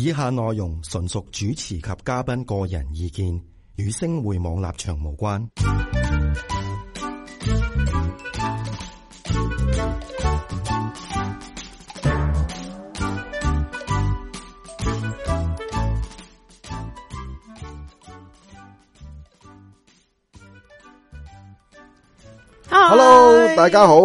以下內容純屬主持及嘉賓個人意見，與星匯網立場無關。Hello，大家好，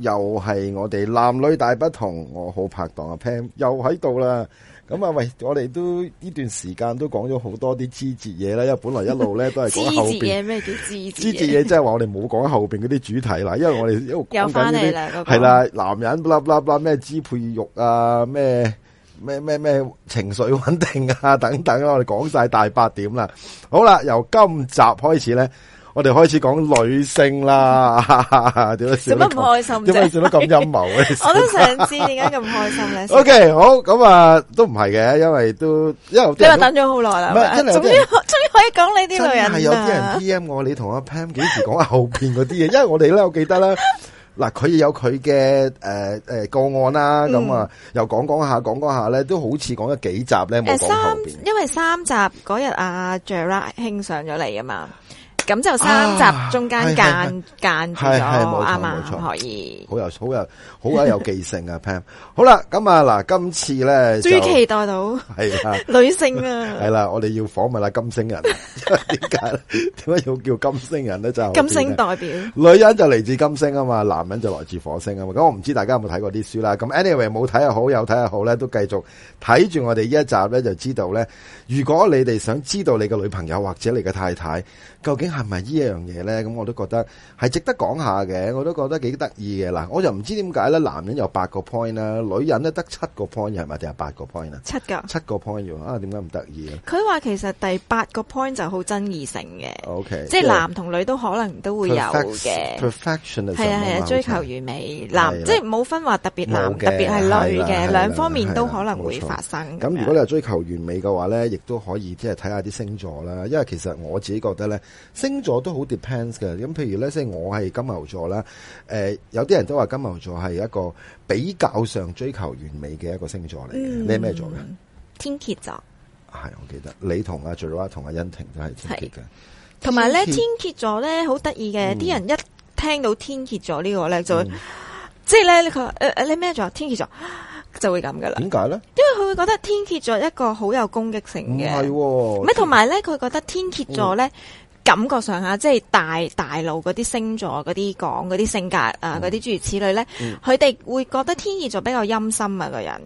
又係我哋男女大不同，我好拍檔阿 Pam 又喺度啦。咁、嗯、啊，喂！我哋都呢段時間都講咗好多啲枝節嘢啦。因為本來一路咧都係枝節嘢，咩叫枝節？枝節嘢即係話我哋冇講後面嗰啲 主題啦，因為我哋一路講緊啲係啦，男人啦啦啦咩支配欲啊，咩咩咩咩情緒穩定啊等等啦，我哋講曬大八點啦。好啦，由今集開始咧。我哋開始講女性啦，點解笑？點解唔開心啫？點解笑得咁陰謀？我都想知點解咁開心咧。OK，好，咁啊，都唔係嘅，因為都因為你話等咗好耐啦。唔係，終於終於可以講呢啲女人啦。有啲人 PM 我，你同阿 Pam 幾時講後邊嗰啲嘢？因為我哋咧，我記得咧，嗱，佢有佢嘅誒誒個案啦。咁啊，又講講下，講講下咧，都好似講咗幾集咧，冇講後邊因為三集嗰日阿 Jura 興上咗嚟啊嘛。咁就三集中間間間咗，啱、啊、冇錯，可以，好有好有好有好有記性啊 ，Pam。好啦，咁啊嗱，今次咧最期待到係啊女性啊，係 啦、啊，我哋要訪問下金星人，點解點解要叫金星人咧？就 金星代表 女人就嚟自金星啊嘛，男人就來自火星啊嘛。咁我唔知大家有冇睇過啲書啦。咁 anyway 冇睇又好有睇又好咧，都繼續睇住我哋呢一集咧，就知道咧。如果你哋想知道你嘅女朋友或者你嘅太太究竟係。係咪呢一樣嘢咧？咁我都覺得係值得講下嘅。我都覺得幾得意嘅啦，我就唔知點解咧。男人有八個 point 啦，女人咧得七個 point，係咪定係八個 point 啊？七個。七個 point 啊！啊，點解唔得意咧？佢話其實第八個 point 就好爭議性嘅。Okay，即係男同女都可能都會有嘅。Perfect, perfection 係啊係啊，追求完美男，係即係冇分話特別男嘅特別係女嘅，兩方面都可能會發生。咁如果你係追求完美嘅話咧，亦都可以即係睇下啲星座啦。因為其實我自己覺得咧。星座都好 depends 嘅，咁譬如咧，即係我係金牛座啦，誒、呃，有啲人都話金牛座係一個比較上追求完美嘅一個星座嚟嘅、嗯。你係咩座嘅？天蠍座，係、啊、我記得你同阿 Juno 啊同阿欣婷都係天蠍嘅。同埋咧，天蠍座咧好得意嘅，啲、嗯、人一聽到天蠍座個呢個咧就會，即係咧，你誒誒、呃，你咩座？天蠍座就會咁噶啦。點解咧？因為佢會覺得天蠍座一個好有攻擊性嘅，係係咩？同埋咧，佢覺得天蠍座咧。嗯感覺上吓，即係大大陸嗰啲星座、嗰啲講、嗰啲性格、嗯、啊，嗰啲諸如此類咧，佢、嗯、哋會覺得天蠍座比較陰森啊，個人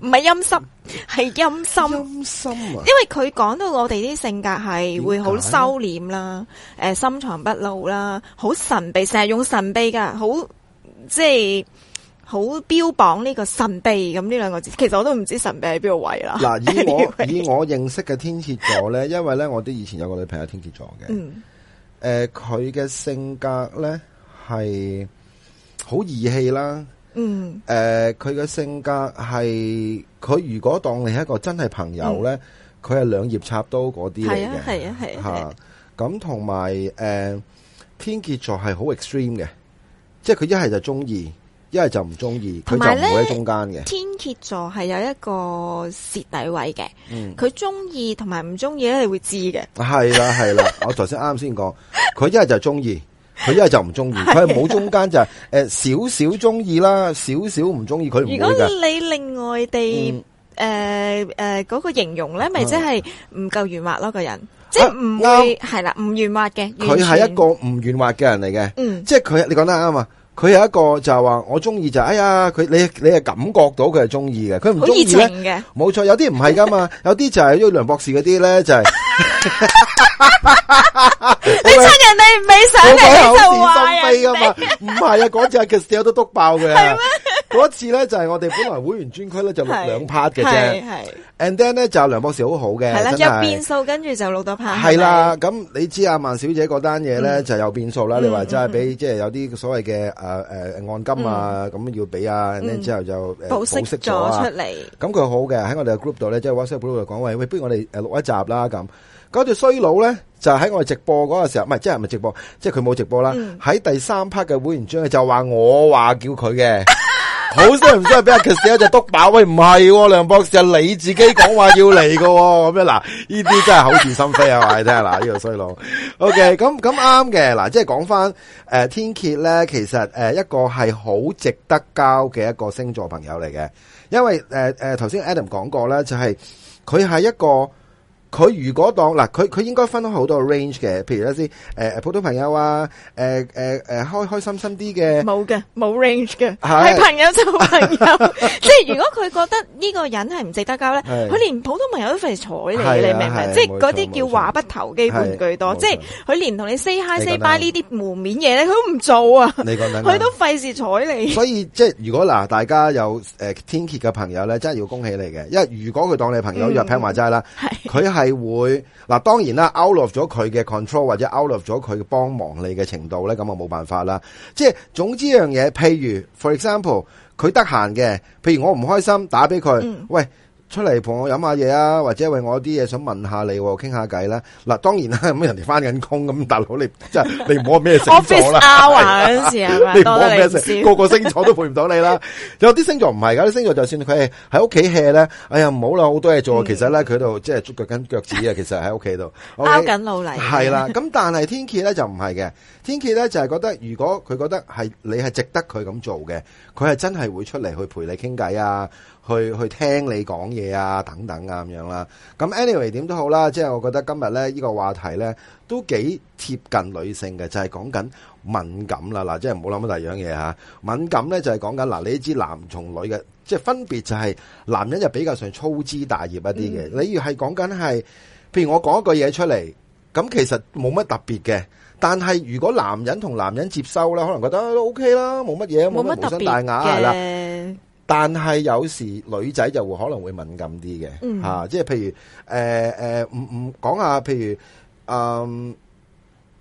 唔係陰濕，係陰森，陰森啊！因為佢講到我哋啲性格係會好收斂啦，誒，深、啊、藏不露啦，好神秘，成日用神秘噶，好即係。好標榜呢個神秘咁呢兩個字，其實我都唔知神秘喺邊度位啦。嗱，以我 以我認識嘅天蠍座咧，因為咧我都以前有個女朋友天蠍座嘅。嗯、呃，誒，佢嘅性格咧係好義氣啦，嗯、呃，誒，佢嘅性格係佢如果當你係一個真係朋友咧，佢係兩肋插刀嗰啲嚟嘅。係啊，係啊，係吓咁同埋，誒、啊啊呃，天蠍座係好 extreme 嘅，即係佢一係就中意。一係就唔中意，佢就唔會喺中間嘅。天蠍座係有一個蝕底位嘅，佢中意同埋唔中意咧，你會知嘅。係啦，係啦，我頭先啱先講，佢一係就中意，就是，佢一係就唔中意，佢係冇中間就係誒少少中意啦，少少唔中意。佢如果你另外地誒誒嗰個形容咧，咪、啊、即係唔夠圓滑咯，個人即係唔會係啦，唔圓滑嘅。佢係一個唔圓滑嘅人嚟嘅，嗯，即係佢你講得啱嘛。佢有一個就話，我中意就哎呀，佢你你係感覺到佢係中意嘅，佢唔中意嘅。冇錯，有啲唔係噶嘛， 有啲就係因梁博士嗰啲咧就係 你親人你未想你，口是心非噶嘛？唔 係啊，嗰陣其實都篤爆嘅。 嗰 次咧就係、是、我哋本來會員專區咧就錄兩 part 嘅啫，and then 咧就梁博士很好好嘅，係啦有變數，跟住就錄多 part。係啦，咁、嗯、你知阿萬小姐嗰單嘢咧就有變數啦、嗯。你話真係俾、嗯、即係有啲所謂嘅誒誒按金啊，咁要俾啊，then、嗯、之後就、嗯、保釋咗、啊、出嚟。咁佢好嘅喺我哋嘅 group 度咧，即、就、係、是、WhatsApp group 度講喂喂，不如我哋誒錄一集啦咁。嗰條衰佬咧就喺我哋直播嗰個時候，唔係即係唔係直播，即係佢冇直播啦。喺、嗯、第三 part 嘅會員專區就話我話叫佢嘅。 好衰唔衰俾阿 K 先生督爆？喂，唔係梁博士啊，你自己講話要嚟噶咁樣嗱，呢啲真係口是心非啊！我話你聽下嗱，呢個衰佬。OK，咁咁啱嘅嗱，即係講翻誒天蝎咧，其實誒一個係好值得交嘅一個星座朋友嚟嘅，因為誒誒頭先 Adam 講過咧，就係佢係一個。佢如果當嗱佢佢應該分開好多 range 嘅，譬如咧先，誒、呃、誒普通朋友啊，誒誒誒開開心心啲嘅，冇嘅冇 range 嘅，係朋友就朋友。 即係如果佢覺得呢個人係唔值得交咧，佢 連普通朋友都費事睬你、啊，你明唔明、啊？即係啲叫話不投機半句多。即係佢連同你 say hi say bye 呢啲門面嘢咧，佢都唔做啊。你講緊，佢都費事睬你。所以即係如果嗱，大家有誒、呃、天蠍嘅朋友咧，真係要恭喜你嘅，因為如果佢當你朋友入聽話齋啦，佢、嗯、係。 你會嗱，當然啦，out of 咗佢嘅 control 或者 out of 咗佢嘅幫忙你嘅程度咧，咁啊冇辦法啦。即係總之一樣嘢，譬如 for example，佢得閒嘅，譬如我唔開心打俾佢，嗯，喂。出嚟陪我飲下嘢啊，或者為我啲嘢想問下你，傾下偈啦。嗱，當然啦，咁人哋翻緊工咁，大佬你即係你唔好咩星座啦。我 f i s 啊，陣時係你唔好咩星， 星 個個星座都陪唔到你啦。有啲星座唔係，有啲星座就算佢係喺屋企 hea 咧，哎呀唔好啦，好多嘢做，嗯。其實咧佢度即係捉腳跟腳趾啊。其實喺屋企度踎緊路嚟。係啦，咁但係天蠍咧就唔係嘅，天蠍咧就係覺得如果佢覺得係你係值得佢咁做嘅，佢係真係會出嚟去陪你傾偈啊。去去聽你講嘢啊，等等啊咁樣啦。咁 anyway 點都好啦，即係我覺得今日咧呢個話題咧都幾貼近女性嘅，就係講緊敏感啦。嗱，即係唔好諗乜第二樣嘢嚇。敏感咧就係講緊嗱，你知男同女嘅，即係分別就係男人就比較上粗枝大葉一啲嘅。例如係講緊係，譬如我講一句嘢出嚟，咁其實冇乜特別嘅。但係如果男人同男人接收咧，可能覺得都 OK 啦，冇乜嘢，冇乜無傷大雅係啦。但係有時女仔就會可能會敏感啲嘅，吓、嗯啊，即係譬如誒誒，唔唔講下，譬如嗯，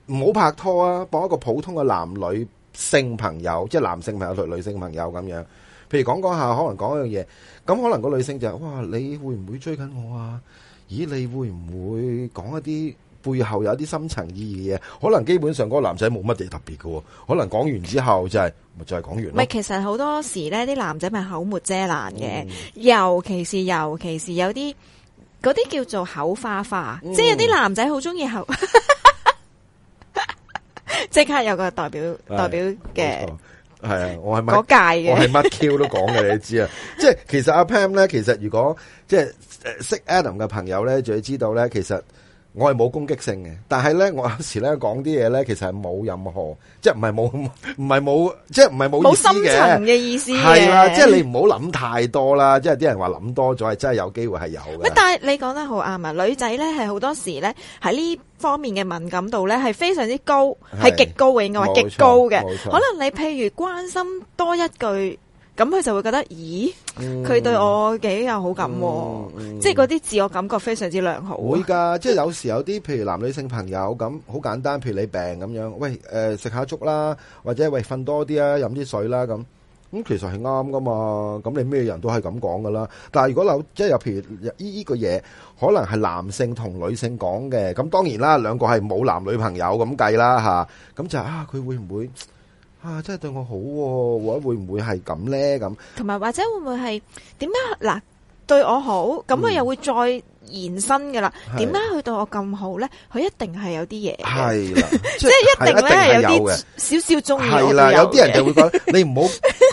唔、呃、好拍拖啊，當一個普通嘅男女性朋友，即係男性朋友同女性朋友咁樣，譬如講講下，可能講一樣嘢，咁可能個女性就係哇，你會唔會追緊我啊？咦，你會唔會講一啲？背後有啲深層意義嘅嘢，可能基本上嗰個男仔冇乜嘢特別嘅，可能講完之後就係、是、咪就係、是、講完？唔其實好多時咧，啲男仔咪口沫遮攔嘅、嗯，尤其是尤其是有啲嗰啲叫做口花花，嗯、即係有啲男仔好中意口，即、嗯、 刻有個代表代表嘅係啊！我係乜屆嘅，我係乜 Q 都講嘅， 你都知啊！即係其實阿 Pam 咧，其實如果即係識 Adam 嘅朋友咧，就要知道咧，其實。我係冇攻擊性嘅，但係咧，我有時咧講啲嘢咧，其實係冇任何，即係唔係冇，唔係冇，即係唔係冇，冇深層嘅意思。係啦，即係你唔好諗太多啦，即係啲人話諗多咗，係真係有機會係有嘅。但係你講得好啱啊，女仔咧係好多時咧喺呢方面嘅敏感度咧係非常之高，係極高嘅應該話極高嘅。可能你譬如關心多一句。咁佢就會覺得，咦？佢對我幾有好感，即係嗰啲自我感覺非常之良好。會噶，即係有時有啲，譬如男女性朋友咁，好簡單，譬如你病咁樣，喂，誒，食下粥啦，或者喂瞓多啲啊，飲啲水啦咁。咁其實係啱噶嘛。咁你咩人都係咁講噶啦。但係如果有即係有，譬如呢呢個嘢，可能係男性同女性講嘅。咁當然啦，兩個係冇男女朋友咁計啦吓。咁就啊，佢會唔會？啊！真係對我好，或者會唔會係咁咧？咁同埋或者會唔會係點解嗱對我好？咁佢又會再延伸噶啦？點解佢對我咁好咧？佢一定係有啲嘢，係啦，即係一定咧有啲少少中意我嘅。有啲人就會覺得：你唔好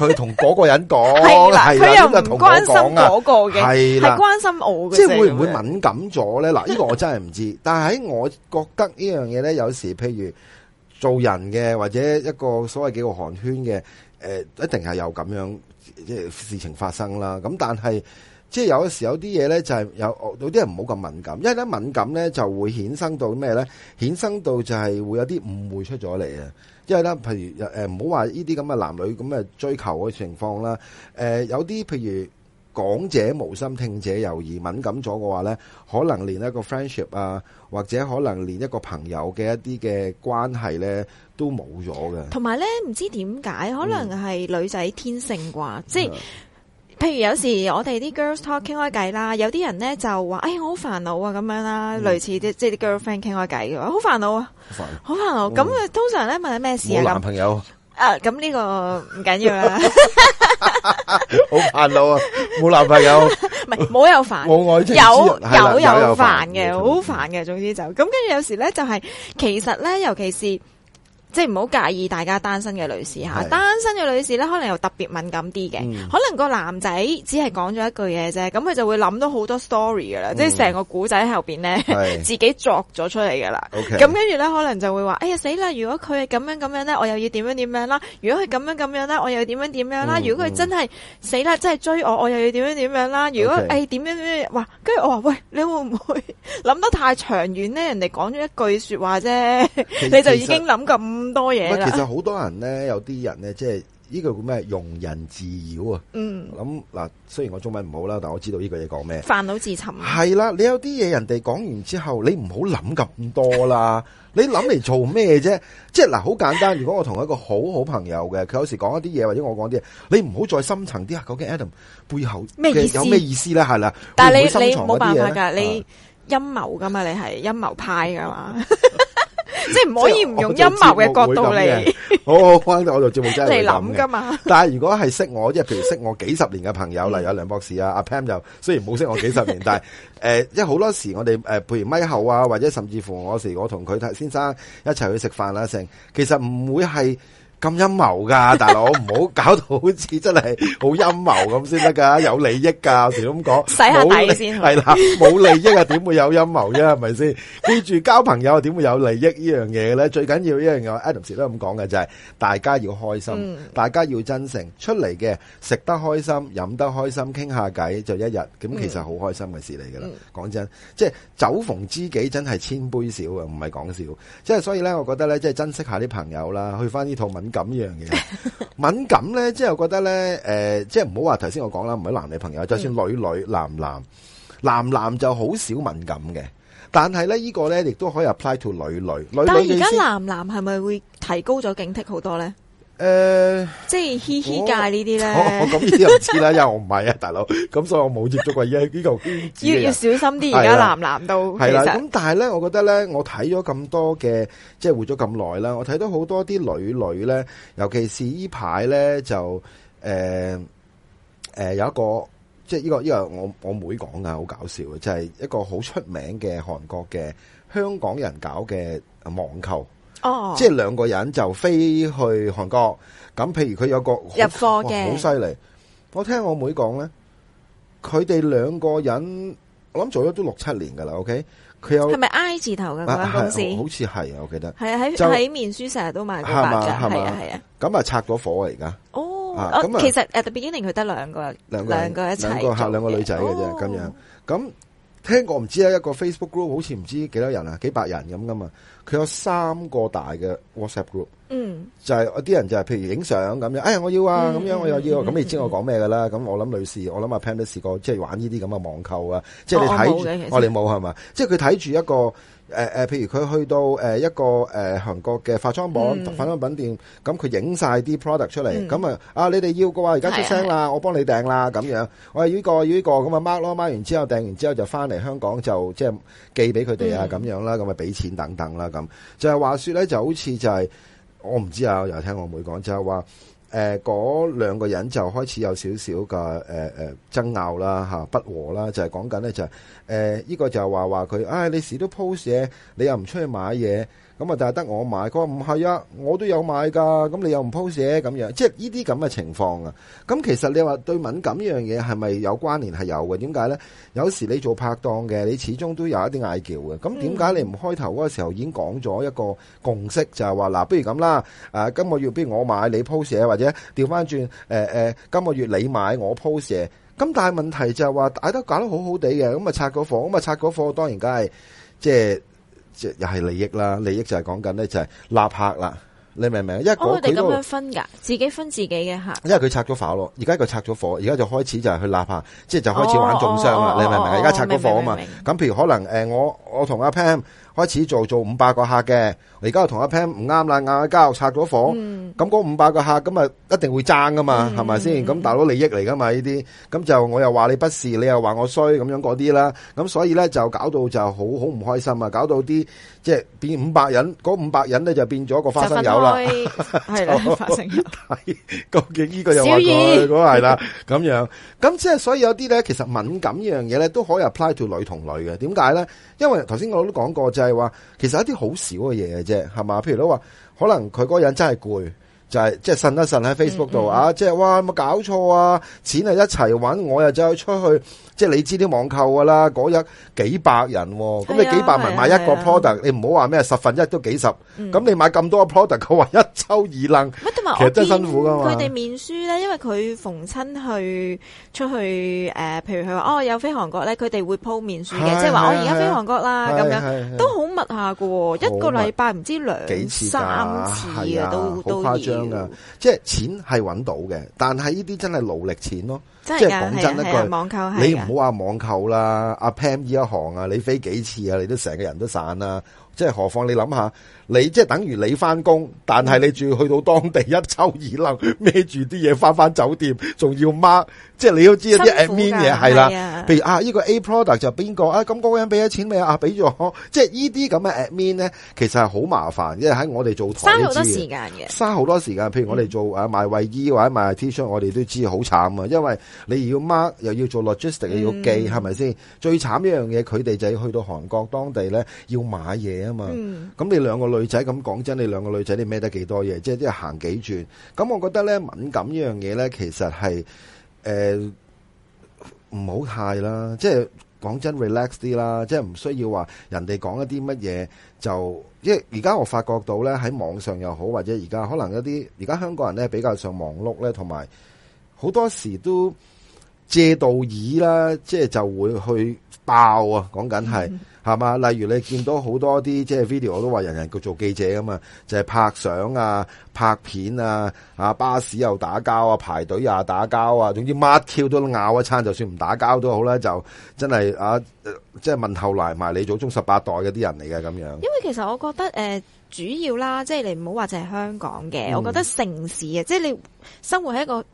佢同嗰個人講，係啦，佢又唔關心嗰個嘅，係啦，關心我嘅。即係會唔會敏感咗咧？嗱，呢個我真係唔知。但係喺我覺得呢樣嘢咧，有時譬如。做人嘅或者一個所謂幾個寒暄嘅、呃，一定係有咁樣即係事情發生啦。咁但係即係有啲時候有啲嘢咧，就係有有啲人唔好咁敏感，因為咧敏感咧就會衍生到咩咧？衍生到就係會有啲誤會出咗嚟啊！因為咧，譬如唔好話呢啲咁嘅男女咁嘅追求嘅情況啦，誒有啲譬如。呃講者無心，聽者有意。敏感咗嘅話咧，可能連一個 friendship 啊，或者可能連一個朋友嘅一啲嘅關係咧，都冇咗嘅。同埋咧，唔知點解，可能係女仔天性啩。即、嗯、係，譬如有時我哋啲 girls talk 傾開偈啦，有啲人咧就話，哎，我好煩惱啊，咁樣啦。嗯、類似啲即係啲 girlfriend 傾開偈，我好煩惱啊，好煩惱。咁啊、嗯，通常咧問下咩事啊？冇男朋友。誒，咁呢個唔緊要啦，好煩惱啊，冇、 啊、男朋友，唔係冇有煩，冇愛情，有有煩有煩嘅，好煩嘅，總之就咁，跟住有時咧就係、是，其實咧，尤其是。即係唔好介意大家單身嘅女士吓，單身嘅女士咧可能又特別敏感啲嘅、嗯，可能個男仔只係講咗一句嘢啫，咁、嗯、佢就會諗到好多 story 噶啦、嗯，即係成個古仔後邊咧自己作咗出嚟噶啦。咁跟住咧可能就會話：哎呀死啦！如果佢係咁樣咁樣咧，我又要點樣點樣啦？如果佢咁樣咁樣咧，我又要點樣點樣啦？如果佢真係死啦，真係追我，我又要點樣點樣啦？Okay, 如果哎，點樣點樣？哇！跟住我話：喂，你會唔會諗得太長遠咧？人哋講咗一句説話啫， 你就已經諗咁～咁多嘢，其實好多人咧，有啲人咧，即係呢個叫咩？庸人自擾啊！嗯，咁嗱，雖然我中文唔好啦，但我知道呢個嘢講咩，煩惱自尋。係啦，你有啲嘢人哋講完之後，你唔好諗咁多啦。 你諗嚟做咩啫？ 即係嗱，好簡單。如果我同一個好好朋友嘅，佢有時講一啲嘢，或者我講啲嘢，你唔好再深層啲啊。究竟 Adam 背後咩意思？有咩意思咧？係啦，但係你會會你冇辦法噶，你陰謀噶嘛？你係陰謀派噶嘛？ 即係唔可以唔用陰謀嘅角度嚟， 好、好好，我我就節目真係諗嘛。但係如果係識我，即係譬如識我幾十年嘅朋友，例如有梁博士 啊、阿 Pam 就，雖然冇識我幾十年，但係誒、呃，即係好多時我哋誒、呃、譬如咪後啊，或者甚至乎我時我同佢先生一齊去食飯啦成，其實唔會係。咁陰謀噶，大佬唔好搞到好似真係好陰謀咁先得噶，有利益噶，成咁講，洗下底先，係啦，冇利益啊，點會有陰謀啫？係咪先？記住交朋友啊，點會有利益呢樣嘢咧？最緊要一樣嘢，Adam 時都咁講嘅就係大家要開心，大家要真誠出嚟嘅，食得開心，飲得開心，傾下偈就一日，咁其實好開心嘅事嚟噶啦。講真，即係酒逢知己真係千杯少啊，唔係講笑。即係所以咧，我覺得咧，即係珍惜下啲朋友啦，去翻呢套文。咁樣嘅敏感咧，即係我覺得咧，誒、呃，即係唔好話頭先我講啦，唔係男女朋友，就算女女、男男、男男就好少敏感嘅，但係咧呢個咧亦都可以 apply to 女女。女女但係而家男男係咪會提高咗警惕好多咧？誒、呃，即係嘻嘻界呢啲咧，我咁啲又唔知啦，因為我唔係啊， 大佬，咁所以我冇接觸過呢呢嚿圈子啊。要要小心啲，而家男男都係啦。咁但係咧，我覺得咧，我睇咗咁多嘅，即係活咗咁耐啦，我睇到好多啲女女咧，尤其是呢排咧就誒誒、呃呃、有一個，即係呢、這個呢、這個我我妹講嘅，好搞笑嘅，就係、是、一個好出名嘅韓國嘅香港人搞嘅網購。哦，即係兩個人就飛去韓國，咁譬如佢有個入貨嘅好犀利，我聽我妹講咧，佢哋兩個人，我諗做咗都六七年噶啦，OK，佢有係咪 I 字頭嘅嗰個公司？好似係啊，我記得係啊，喺喺面書成日都賣白噶，係啊係啊，咁啊拆咗火啊而家，哦，咁其實誒，畢竟佢得兩個，兩個，兩個一齊，兩個客，兩個女仔嘅啫，咁樣咁。聽過唔知咧，一個 Facebook group 好似唔知幾多人啊，幾百人咁噶嘛，佢有三個大嘅 WhatsApp group，嗯，就係、是、啲人就係譬如影相咁樣，哎呀我要啊，咁樣我又要、啊，咁、嗯、你知我講咩噶啦，咁、嗯、我諗女士，我諗阿 Pan 都試過即係、就是、玩呢啲咁嘅網購、就是、啊，即係、啊、你睇，我哋冇係嘛，即係佢睇住一個。誒誒，譬如佢去到誒一個誒韓國嘅化妝網化妝品店，咁佢影晒啲 product 出嚟，咁啊啊你哋要嘅話，而家出聲啦，我幫你訂啦咁樣，我係呢個呢個咁啊 mark 咯，mark 完之後訂完之後就返嚟香港就即係寄俾佢哋啊咁樣啦，咁啊俾錢等等啦咁，就係話說咧，就好似就係我唔知啊，又聽我妹講就係話。誒、呃，嗰兩個人就開始有少少嘅誒誒爭拗啦吓、啊，不和啦，就係講緊咧就係呢依個就係話話佢，啊、哎，你時都 post 嘢，你又唔出去買嘢，咁啊，但係得我買，佢話唔係啊，我都有買噶，咁你又唔 post 嘅咁樣，即係呢啲咁嘅情況啊。咁其實你話對敏感呢樣嘢係咪有關聯，係有嘅？點解呢？有時你做拍檔嘅，你始終都有一啲嗌撬嘅。咁點解你唔開頭嗰個時候已經講咗一個共識，就係話嗱，不如咁啦，誒、啊，今個月不如我買你 post，或者調翻轉，誒誒、呃呃，今個月你買我 post。咁但係問題就係話，大家都搞得好好地嘅，咁啊拆嗰貨，咁啊拆嗰貨，當然梗係、就是、即係。即又係利益啦，利益就係講緊咧，就係拉客啦。你明唔明？因為佢哋咁樣分噶，自己分自己嘅客。因為佢拆咗夥咯，而家佢拆咗夥，而家就開始就係去拉客，即係就開始玩中傷啦。你明唔、哦哦、明？而家拆咗夥啊嘛。咁譬如可能誒、呃，我我同阿 Pam 開始做做五百個客嘅。你而家同阿 Pam 唔啱啦，嗌交拆咗房，咁嗰五百個客咁啊，一定會爭噶嘛，係咪先？咁大佬利益嚟噶嘛呢啲，咁就我又話你不是，你又話我衰，咁樣嗰啲啦，咁所以咧就搞到就好好唔開心啊！搞到啲即係變五百人，嗰五百人咧就變咗個花生友啦，係啦，花生友，係究竟呢個又話佢，係啦咁樣，咁即係所以有啲咧，其實敏感呢樣嘢咧都可以 apply to 女同女嘅，點解咧？因為頭先我都講過就係話，其實一啲好少嘅嘢嘅啫。係嘛？譬如都話，可能佢嗰個人真係攰。就係即係呻一呻喺 Facebook 度、嗯嗯、啊！即、就、係、是、哇，冇搞錯啊！錢係一齊搵，我又走去出去，即、就、係、是、你知啲網購噶啦。嗰日幾百人、啊，咁、啊、你幾百咪買一個 product、啊啊、你唔好話咩十分一都幾十。咁、嗯、你買咁多個 product 佢話一抽二掕，嗯、其實真辛苦噶。佢哋面書咧，因為佢逢親去出去誒、呃，譬如佢話哦，我有飛韓國咧，佢哋會鋪面書嘅，即係話我而家飛韓國啦，咁、啊、樣是啊是啊都密好密下噶，一個禮拜唔知兩幾次、啊、三次啊，都都。即係錢係搵到嘅，但係呢啲真係勞力錢咯。是即係講真一句，網你唔好話網購啦，阿、啊、Pam 呢一行啊，你飛幾次啊，你都成個人都散啦。即係何況你諗下，你即係等於你翻工，但係你仲要去到當地一抽二攬，孭住啲嘢翻翻酒店，仲要 mark 即係你要知一啲 admin 嘢係啦。啊、譬如啊，呢、呢個 A product 就邊個啊？咁、嗰個人俾咗錢未啊？俾咗即係呢啲咁嘅 admin 咧，其實係好麻煩，因為喺我哋做台嘥好多時間嘅，嘥好多時間。譬如我哋做啊賣衛衣或者賣 T 恤，我哋都知好慘啊，因為你要 mark 又要做 logistic，又要記，係咪先？最慘一樣嘢，佢哋就要去到韓國當地咧，要買嘢啊。咁、嗯、你兩個女仔咁講真，你兩個女仔你孭得幾多嘢？即係即係行幾轉。咁我覺得咧，敏感呢樣嘢呢，其實係誒唔好太啦。即係講真，relax 啲啦。即係唔需要話人哋講一啲乜嘢就。即係而家我發覺到呢，喺網上又好，或者而家可能一啲而家香港人呢，比較上忙碌呢，同埋好多時都借道耳啦，即係就會去爆啊。講緊係。嗯係嘛？例如你見到好多啲即係 video，我都話人人叫做記者咁嘛，就係、是、拍相啊、拍片啊、啊巴士又打交啊、排隊啊、打交啊，總之乜跳都咬一餐，就算唔打交都好啦，就真係啊，即係問候來埋你祖宗十八代嘅啲人嚟嘅咁樣。因為其實我覺得、呃、主要啦，即、就、係、是、你唔好話就係香港嘅，我覺得城市啊，嗯、即係你生活喺一個。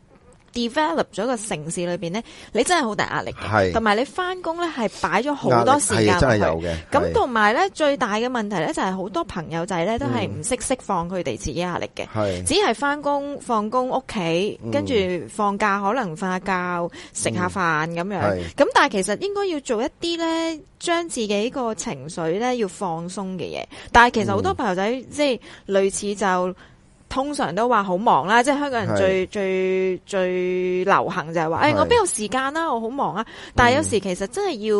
develop 咗個城市裏邊咧，你真係好大壓力，係同埋你翻工咧係擺咗好多時間落去。咁同埋咧最大嘅問題咧就係、是、好多朋友仔咧都係唔識釋放佢哋自己壓力嘅、嗯，只係翻工、放工、屋企，跟、嗯、住放假可能瞓下覺、食下飯咁、嗯、樣，咁但係其實應該要做一啲咧，將自己個情緒咧要放鬆嘅嘢，但係其實好多朋友仔、嗯、即係類似就。通常都話好忙啦，即係香港人最最最流行就係話，誒、哎，我邊有時間啦、啊？我好忙啊、嗯！但係有時其實真係要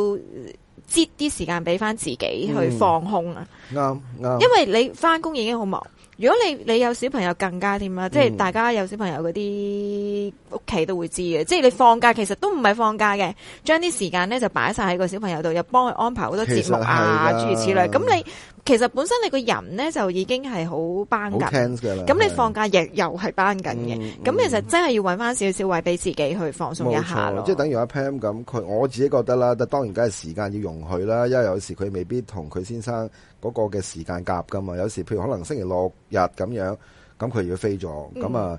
擠啲時間俾翻自己去放空啊。啱、嗯、啱、嗯嗯嗯，因為你翻工已經好忙，如果你你有小朋友更加添啦、嗯，即係大家有小朋友嗰啲屋企都會知嘅、嗯，即係你放假其實都唔係放假嘅，將啲時間咧就擺晒喺個小朋友度，又幫佢安排好多節目啊，諸如此類。咁你。其實本身你個人咧就已經係好班緊，咁你放假亦又係班緊嘅。咁、嗯嗯、其實真係要搵翻少少位俾自己去放鬆一下咯。即係等於阿 Pam 咁，佢我自己覺得啦，但當然梗係時間要容許啦。因為有時佢未必同佢先生嗰個嘅時間夾㗎嘛。有時譬如可能星期六日咁樣，咁佢要飛咗，咁、嗯、啊。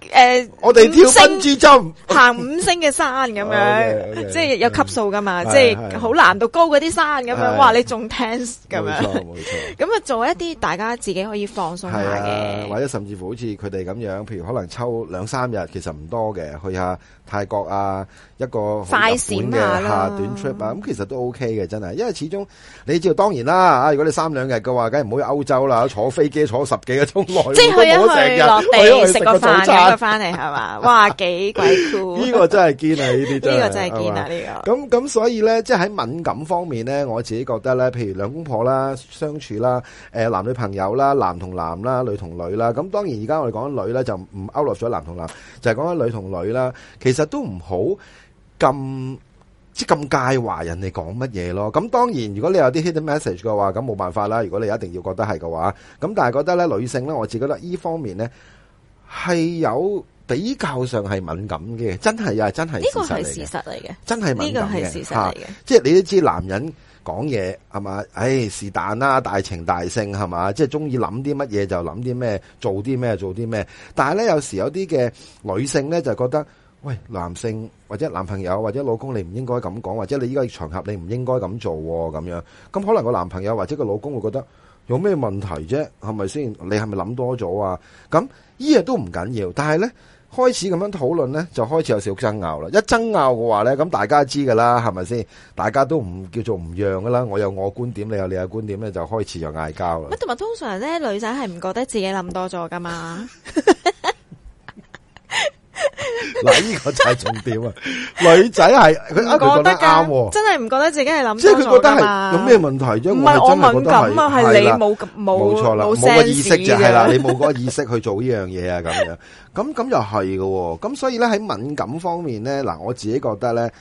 誒、呃，我哋跳新之針，五行五星嘅山咁樣， 哦、okay, okay, 即係有級數噶嘛，即係好難度高嗰啲山咁樣、嗯哇嗯。哇，你仲 tense 咁樣，冇錯冇錯咁啊， 做一啲大家自己可以放鬆係啊，或者甚至乎好似佢哋咁樣，譬如可能抽兩三日，其實唔多嘅，去下泰國啊，一個快閃啊，下短 trip 啊，咁其實都 OK 嘅，真係。因為始終，你知道當然啦，如果你三兩日嘅話，梗係唔好去歐洲啦，坐飛機坐十幾個鐘耐，即係去一去落地食個早翻嚟，係嘛，哇，幾鬼 cool，呢個真係堅啊，呢啲真係呢個真係堅啊，呢、這個。咁咁，所以咧，即係喺敏感方面咧，我自己覺得咧，譬如兩公婆啦，相處啦，誒、呃，男女朋友啦，男同男啦，女同女啦，咁當然而家我哋講女咧就唔 out 落咗男同男，就係、是、講女同女啦。其實都唔好咁即係咁介懷人哋講乜嘢咯。咁當然，如果你有啲 hidden message 嘅話，咁冇辦法啦。如果你一定要覺得係嘅話，咁但係覺得咧，女性咧，我自己覺得呢方面咧。係有比較上係敏感嘅，真係啊，真係呢個係事實嚟嘅，真係敏感嘅，即係你都知，男人講嘢係嘛，唉，是但啦、哎啊，大情大性係嘛，即係中意諗啲乜嘢就諗啲咩，做啲咩做啲咩。但係咧，有時候有啲嘅女性咧就覺得，喂，男性或者男朋友或者老公，你唔應該咁講，或者你依個場合你唔應該咁做咁、哦、樣。咁可能個男朋友或者個老公會覺得。有咩問題啫？係咪先？你係咪諗多咗啊？咁呢樣都唔緊要。但係咧，開始咁樣討論咧，就開始有少少爭拗啦。一爭拗嘅話咧，咁大家知噶啦，係咪先？大家都唔叫做唔讓噶啦。我有我觀點，你有你嘅觀點咧，就開始就嗌交啦。乜同埋通常咧，女仔係唔覺得自己諗多咗噶嘛。 嗱，呢個就係重點啊！女仔係佢一個覺得啱，真係唔覺得自己係諗錯，即係佢覺得係有咩問題，啫？因為唔係我敏感，係你冇冇錯啦，冇個意識就係啦，你冇個意識去做呢樣嘢啊，咁樣咁咁又係嘅，咁所以咧喺敏感方面咧，嗱，我自己覺得咧，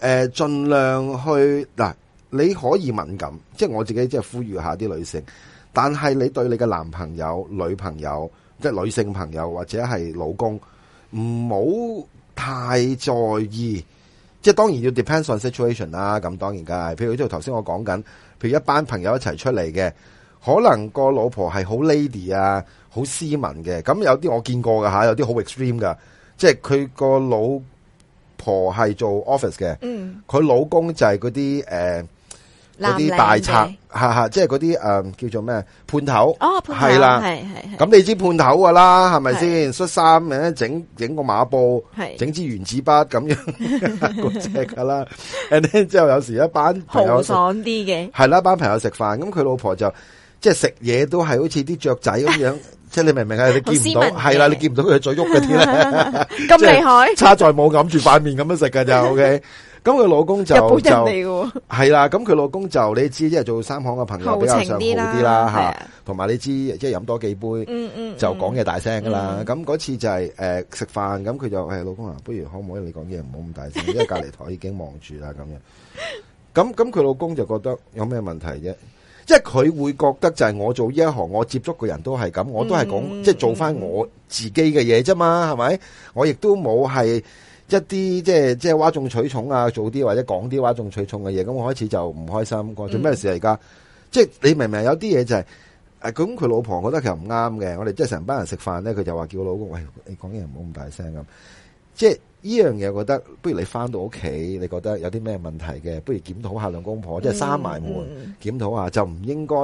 誒，盡量去嗱，你可以敏感，即係我自己即係呼籲下啲女性，但係你對你嘅男朋友、女朋友，即係女性朋友或者係老公。唔好太在意，即係當然要 depends on situation 啦。咁當然梗係，譬如即係頭先我講緊，譬如一班朋友一齊出嚟嘅，可能個老婆係好 lady 啊，好斯文嘅。咁有啲我見過噶吓，有啲好 extreme 噶，即係佢個老婆係做 office 嘅，佢、嗯、老公就係嗰啲誒。呃嗰啲大賊，吓吓，即係嗰啲誒叫做咩判頭，哦，係啦，係係。咁你知判頭噶啦，係咪先？恤衫，咁整整個馬布，係整支原子筆咁樣，個隻噶啦。之後有時一班朋友爽啲嘅，係啦，一班朋友食飯，咁佢老婆就即係食嘢都係好似啲雀仔咁樣，即 係你明唔明啊？你見唔到，係 啦，你見唔到佢嘅嘴喐嘅添啦，咁 厲害。差在冇揞住塊面咁樣食噶就。OK 咁佢老公就就係啦，咁佢老公就你知，即係做三行嘅朋友比較上好啲啦吓，同埋你知，即係飲多幾杯，就講嘢大聲噶啦。咁嗰次就係誒食飯，咁佢就誒老公啊，不如可唔可以你講嘢唔好咁大聲，因為隔籬台已經望住啦咁樣。咁咁佢老公就覺得有咩問題啫？即係佢會覺得就係我做呢一行，我接觸嘅人都係咁，我都係講即係做翻我自己嘅嘢啫嘛，係咪？我亦都冇係。一啲即係即係嘩眾取寵啊，做啲或者講啲嘩眾取寵嘅嘢，咁我開始就唔開心。過、嗯、做咩事啊？而家即係你明唔明有、就是？有啲嘢就係誒，咁佢老婆覺得其實唔啱嘅。我哋即係成班人食飯咧，佢就話叫老公，喂，你講嘢唔好咁大聲咁。即係呢樣嘢，我覺得不如你翻到屋企，你覺得有啲咩問題嘅？不如檢討下兩公婆，即係閂埋門檢討、嗯、下，就唔應該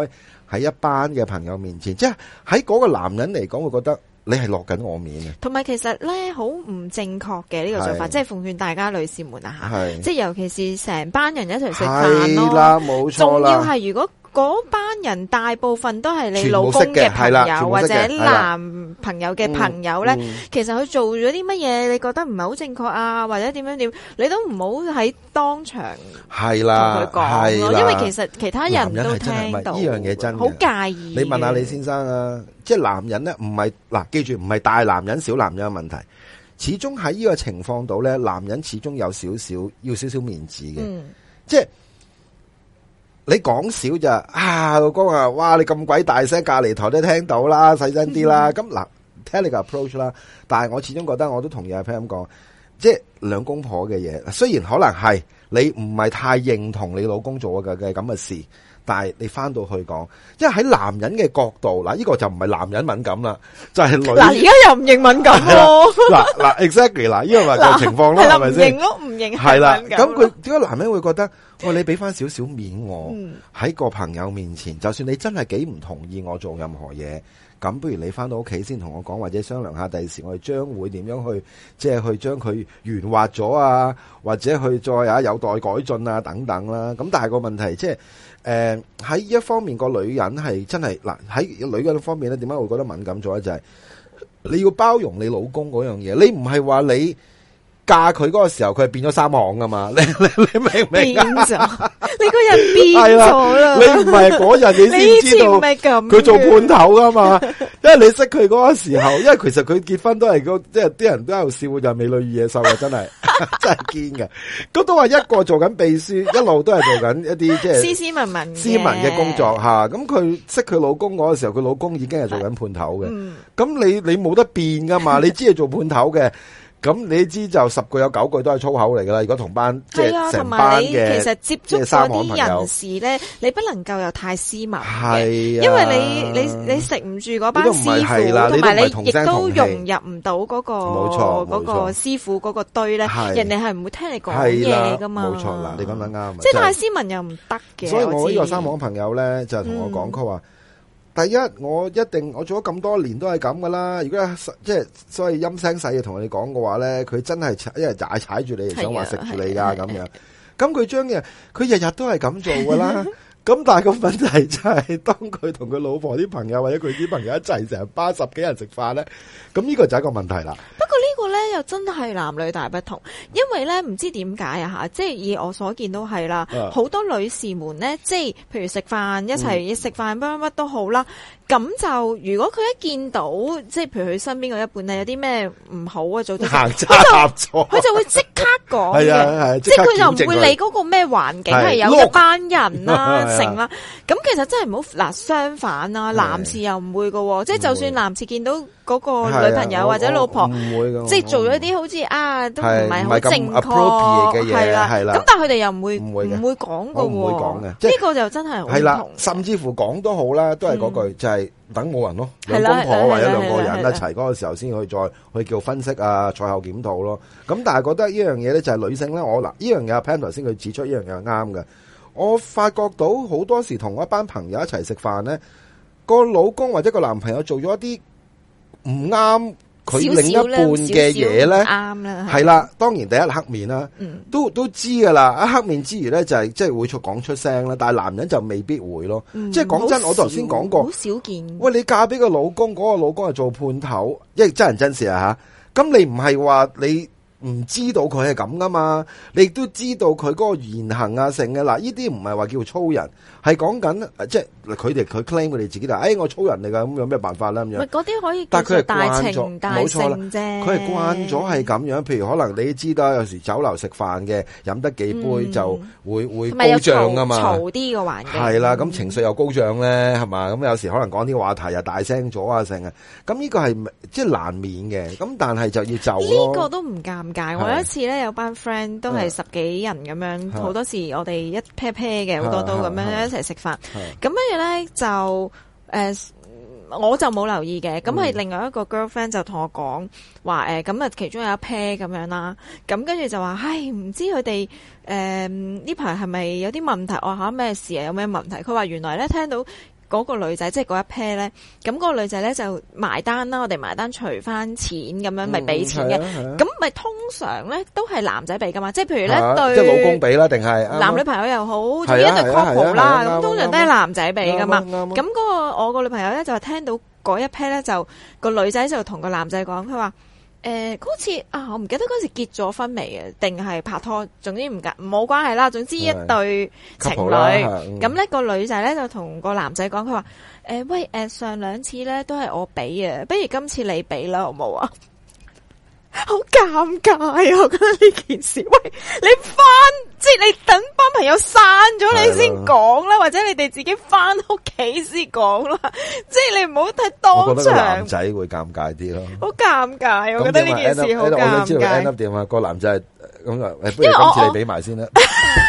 喺一班嘅朋友面前，即係喺嗰個男人嚟講，會覺得。你係落緊我面啊！同埋其實咧，好唔正確嘅呢、這個想法，即係奉勸大家女士們啊嚇，即係尤其是成班人一齊食飯咯，啦，冇錯，仲要係如果。嗰班人大部分都係你老公嘅朋友或者男朋友嘅朋友咧，其實佢做咗啲乜嘢，你覺得唔係好正確啊，或者點樣點，你都唔好喺當場係啦，講咯，因為其實其他人都聽到，呢樣嘢真係好介意。你問下你先生啊，即係男人咧，唔係嗱，記住唔係大男人小男人嘅問題，始終喺呢個情況度咧，男人始終有少少要少少面子嘅，即係。你講少就啊，老公啊，哇！你咁鬼大聲，隔離台都聽到啦，細聲啲啦。mm-hmm。咁嗱，聽你個 approach 啦，但係我始終覺得我都同意阿 Pan 講，即係兩公婆嘅嘢。雖然可能係你唔係太認同你老公做嘅嘅咁嘅事。但係你翻到去講，因為喺男人嘅角度嗱，依、呢個就唔係男人敏感啦，就係、係、女嗱而家又唔認敏感咯。嗱 嗱，exactly 嗱，依個咪就係情況咯，係咪先？認咯，唔認係敏感啦，咁佢點解男人會覺得？哦、你俾我你俾翻少少面我，喺個朋友面前，就算你真係幾唔同意我做任何嘢。咁不如你翻到屋企先同我講，或者商量下第時我哋將會點樣去，即係去將佢圓滑咗啊，或者去再啊有待改進啊等等啦。咁但係個問題即係，誒、呃、喺一方面個女人係真係嗱喺女人方面咧，點解會覺得敏感咗就係、是、你要包容你老公嗰樣嘢，你唔係話你。嫁佢嗰個時候，佢變咗三行噶嘛？你你你，你明唔明？變咗， 你個人變咗啦。你唔係嗰日，你先知道。佢做判頭噶嘛？ 因為你識佢嗰個時候，因為其實佢結婚都係嗰，即係啲人都喺度笑就係美女與野獸啊，真係 真係堅嘅。咁 都話一個做緊秘書，一路都係做緊一啲即係斯斯文文、斯文嘅工作吓。咁 佢識佢老公嗰個時候，佢老公已經係做緊判頭嘅。咁、嗯、你你冇得變噶嘛？你知係做判頭嘅。 咁你知就十句有九句都係粗口嚟噶啦！如果同班即係成班嘅，即係三行朋友，其實接觸嗰啲人士咧，你不能夠又太斯文嘅，因為你你你食唔住嗰班師傅，同埋你亦都融入唔到嗰個嗰個師傅嗰個堆咧，人哋係唔會聽你講嘢噶嘛。冇錯啦，你講得啱。即係太斯文又唔得嘅。所以我呢個三行朋友咧，就同我講句話。第一，我一定我做咗咁多年都係咁噶啦。如果即係所以音聲細嘅同你講嘅話咧，佢真係一係踩踩住你，想你，想話食住你噶咁樣。咁佢將嘅佢日日都係咁做噶啦。咁但係個問題就係，當佢同佢老婆啲朋友或者佢啲朋友一齊成八十幾人食飯咧，咁呢個就係一個問題啦。不過個呢個咧又真係男女大不同，因為咧唔知點解啊吓，即係以我所見都係啦，好、啊、多女士們咧，即係譬如食飯，一齊食飯乜乜乜都好啦。咁就如果佢一見到，即係譬如佢身邊個一半咧，有啲咩唔好 他就 就 啊，做啲、啊，行佢就會即刻講嘅。即係佢就唔會理嗰個咩環境係、啊、有一班人啦、啊啊、成啦、啊。咁其實真係唔好嗱，相反啦、啊啊，男士又唔會喎、啊，即係、啊就係、就算男士見到。嗰個女朋友或者老婆，即係做咗啲好似啊，都唔係好正確，係啦，咁但係佢哋又唔會唔會講嘅，即係呢個就真係係啦，甚至乎講都好啦，都係嗰句就係等冇人咯，兩公婆或者兩個人一齊嗰個時候先去再去叫分析啊，賽後檢討咯。咁但係覺得呢樣嘢咧，就係女性咧，我嗱呢樣嘢，Panter 頭先佢指出呢樣嘢係啱嘅。我發覺到好多時同一班朋友一齊食飯咧，個老公或者個男朋友做咗一啲。唔啱佢另一半嘅嘢咧，啱啦，係啦，當然第一黑面啦，嗯，都都知噶啦。一黑面之餘咧，就係即係會出講出聲啦。但係男人就未必會咯，即係講真，我頭先講過，好少見。喂，你嫁俾個老公，嗰個老公係做判頭，因為真人真事啊吓。咁你唔係話你，唔知道佢係咁噶嘛？你亦都知道佢嗰個言行啊，成嘅嗱，呢啲唔係話叫粗人，係講緊，即係佢哋佢 claim 佢哋自己話，哎，我粗人嚟噶，咁有咩辦法咧、啊？咁樣，唔係嗰啲可以，但佢係大情大性啫，佢係慣咗係咁樣。譬如可能你知道，有時酒樓食飯嘅，飲得幾杯就會、嗯、會高漲噶嘛。嘈啲嘅環境係啦，咁情緒又高漲咧，係嘛？咁有時可能講啲話題又大聲咗啊，成啊。咁呢個係即係難免嘅。咁但係就要就呢、這個都唔夾。點解？我有一次咧，有班 friend 都係十幾人咁樣，好多時我哋一 pair pair 嘅，好多都咁樣一齊食飯。咁跟住咧就誒、呃，我就冇留意嘅。咁係另外一個 girlfriend 就同我講話誒，咁啊、呃、其中有一 pair 咁樣啦。咁跟住就話，唉，唔知佢哋誒呢排係咪有啲問題？我下咩事啊？有咩問題？佢話原來咧聽到。嗰、嗰個女仔即係嗰一 pair 咧，咁、嗰、嗰個女仔咧就埋單啦，我哋埋單除翻錢咁樣咪俾錢嘅，咁、嗯、咪、嗯啊啊、通常咧都係男仔俾噶嘛，即係、啊、譬如咧對老公俾啦，定係男女朋友又好，而家、啊、對 couple 啦、啊，咁、啊啊啊啊、通常都係男仔俾噶嘛，咁嗰、啊啊嗰個我個女朋友咧就係聽到嗰一 pair 咧就、嗰個女仔就同個男仔講，佢話。誒、欸，嗰次啊，我唔記得嗰時結咗婚未啊，定係拍拖？總之唔關，唔冇關係啦。總之一對情侶，咁呢、個女仔呢就同個男仔講，佢話：誒、欸，喂，誒，上兩次呢都係我俾嘅，不如今次你俾啦，好冇啊？好尷尬啊！我覺得呢件事，喂，你返即係你等班朋友散咗，你先講啦，或者你哋自己返屋企先講啦，即係你唔好睇當場。我覺得男仔會尷尬啲咯，啊，好尷尬啊！我覺得呢件事好尷尬。點啊？我那個男仔係咁啊？不如今次你俾埋先啦。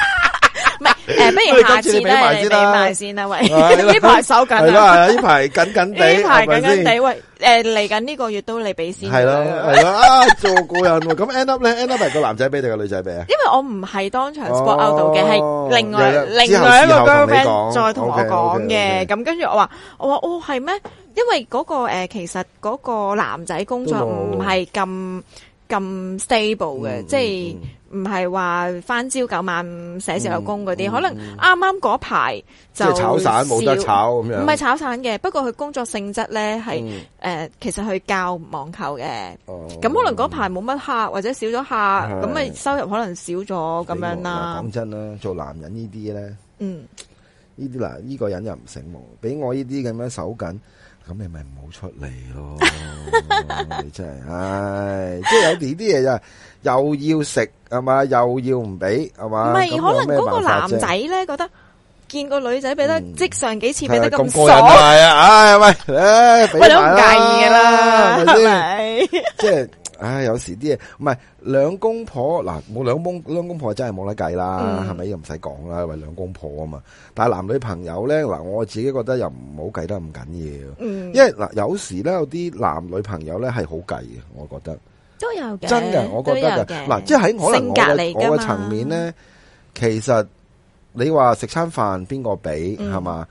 誒，不如下次咧俾埋先啦，喂！呢排手緊啦，呢排緊緊地，呢排緊緊地，喂！誒，嚟緊呢個月都你俾先，係咯，係咯，啊做個人咁 end up 咧，end up 係個男仔俾定個女仔俾啊？因為我唔係當場 support 到嘅，係另外另外一個 girlfriend 再同我講嘅，咁跟住我話我話哦係咩？因為嗰個誒，其實嗰個男仔工作唔係咁咁 stable 嘅，即係。唔係話翻朝九晚寫自由工嗰啲，嗯嗯，可能啱啱嗰排就是炒散冇得炒咁樣，唔係炒散嘅。不過佢工作性質咧係誒，其實佢教網球嘅。咁，哦，可能嗰排冇乜客或者少咗客，咁，嗯、咪收入可能少咗咁樣啦。講真啦，做男人呢啲咧，嗯，呢啲嗱，呢、呢個人又唔醒目。俾我呢啲咁樣手緊，咁你咪唔好出嚟咯。 你真係，唉，哎， 即係有啲啲嘢就。 又要食係嘛，又要唔俾係嘛，唔係可能嗰個男仔咧覺得見個女仔俾得、嗯，即上幾次俾得咁爽、嗯、啊！唉、哎、喂，唉俾埋啦，唔計噶啦，係咪先？不哎、是是 即係唉、哎，有時啲嘢唔係兩公婆嗱，冇兩公兩公婆真係冇得計啦，係咪又唔使講啦？喂，兩公婆啊嘛，但係男女朋友咧嗱，我自己覺得又唔好計得咁緊要、嗯，因為嗱有時咧有啲男女朋友咧係好計嘅，我覺得。都有嘅，真嘅，我覺得嗱，即係可能我嘅我嘅層面咧，其實你話食餐飯邊個俾，係嘛？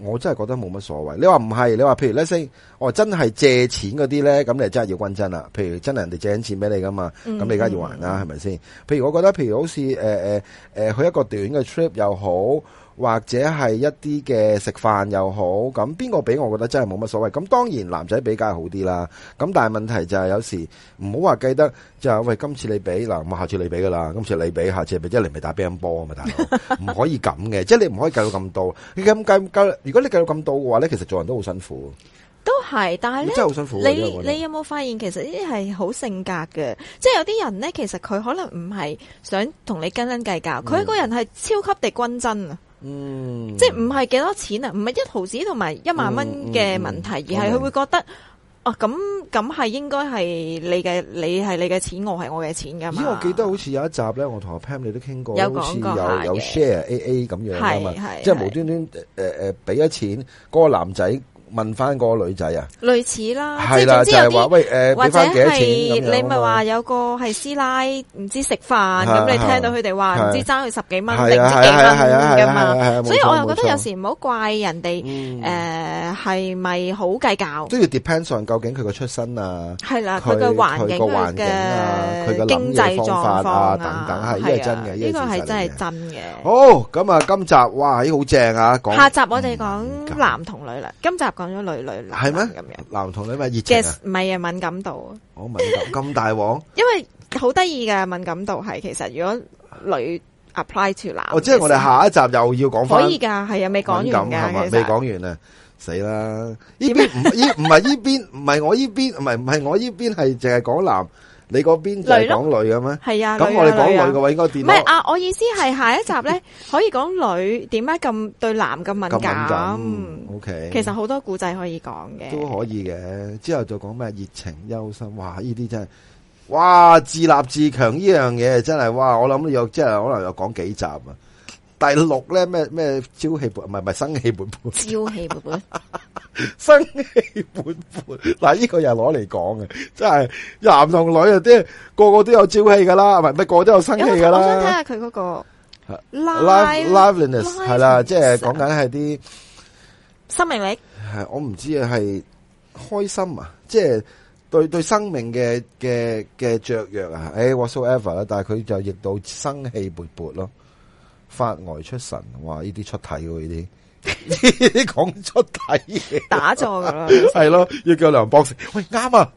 我真係覺得冇乜所謂。你話唔係，你話譬如咧先，哦，真係借錢嗰啲咧，咁你真係要均真啦。譬如真係人哋借緊錢俾你㗎嘛，咁你而家要還啦，係咪先？譬如我覺得，譬如好似誒誒誒，去一個短嘅 trip 又好。或者係一啲嘅食飯又好，咁邊個俾？我覺得真係冇乜所謂。咁當然男仔比較好啲啦。咁但係問題就係有時唔好話記得、就是，就係喂今次你俾嗱，咁下次你俾㗎啦，今次你俾，下次俾，即係你咪打乒乓波啊嘛，大佬唔可以咁嘅，即 係你唔可以計到咁多。你咁計如果你計到咁多嘅話咧，其實做人都好辛苦。都係，但係咧真係好辛苦。你你有冇發現其實呢啲係好性格嘅？即係有啲人咧，其實佢可能唔係想同你斤斤計較，佢嗰個人係超級地均真啊！嗯，即係唔係幾多錢啊？唔係一毫紙同埋一萬蚊嘅問題，嗯嗯嗯嗯、而係佢會覺得，哦咁咁係應該係你嘅，你係你嘅錢，我係我嘅錢噶嘛。咦？我記得好似有一集咧，我同阿 Pam 你都傾過，有講有講過有 share A A 咁樣啊嘛，即係無端端誒誒俾咗錢，嗰、嗰個男仔。問翻個女仔啊，類似啦，即係總之有啲，或者係你咪話有個係師奶，唔知食飯咁，你聽到佢哋話唔知爭佢十幾蚊定即係幾蚊咁樣嘛，所以我又覺得有時唔好怪人哋誒係咪好計較？都要 depend on，究竟佢個出身啊，係啦，佢嘅環境啊，佢嘅經濟狀況啊等等，係真嘅，呢個係真係真嘅。好，咁啊，今集哇，咦好正啊，講下集我哋講男同女啦，今集。講咗女女係咩？咁樣，男同女咪熱情啊，唔係啊敏感度，我敏感咁大鑊，因為好得意噶敏感度係其實，如果女 apply to 男哦，即係我哋下一集又要講返可以，噶係啊未講完噶未講完啊死啦，呢邊唔呢唔係呢邊唔係我呢邊唔係唔係我呢邊係淨係講男。你嗰邊就係講女嘅咩？係啊，咁我哋講女嘅話應該點？唔係啊，我意思係下一集咧可以講女點解咁對男咁敏感？咁敏感，okay，其實好多古仔可以講嘅，都可以嘅。之後就講咩熱情、憂心，哇！呢啲真係，哇自立自強呢樣嘢真係哇！我諗又即係可能又講幾集啊。第六咧咩咩朝氣勃勃，唔係唔係生氣勃勃，朝氣勃勃， 生氣勃勃。嗱 呢個又攞嚟講嘅，即係男同女啊，啲個個都有朝氣噶啦，係咪個個都有生氣噶啦？我想睇下佢嗰個 live liveliness 係啦，即係講緊係啲生命力。係我唔知係開心啊，即係對對生命嘅嘅嘅雀躍啊，誒 whatsoever 啦，但係佢就亦到生氣勃勃咯。發呆出神，哇！呢啲出體喎，呢啲講出體的打錯噶啦，係 咯，要叫梁博士喂啱啊！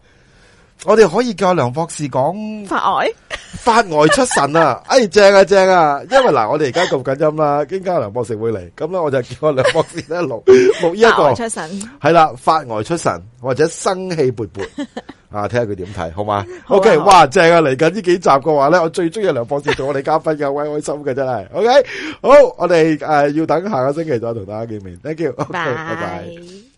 我哋可以叫梁博士講發呆。發呆出神啊！ 哎，正啊，正啊，因為嗱，我哋而家咁緊音啦，兼 加梁博士會嚟，咁咧我就叫我梁博士一路錄呢一個。出神係啦，發呆出神或者生氣勃勃 啊，睇下佢點睇好嘛，啊？OK，好、啊、好哇，正啊！嚟緊呢幾集嘅話咧，我最中意梁博士做 我哋嘉賓有威開心嘅真係 OK。好，我哋誒、呃、要等下個星期再同大家見面。Thank you，OK，okay，拜拜。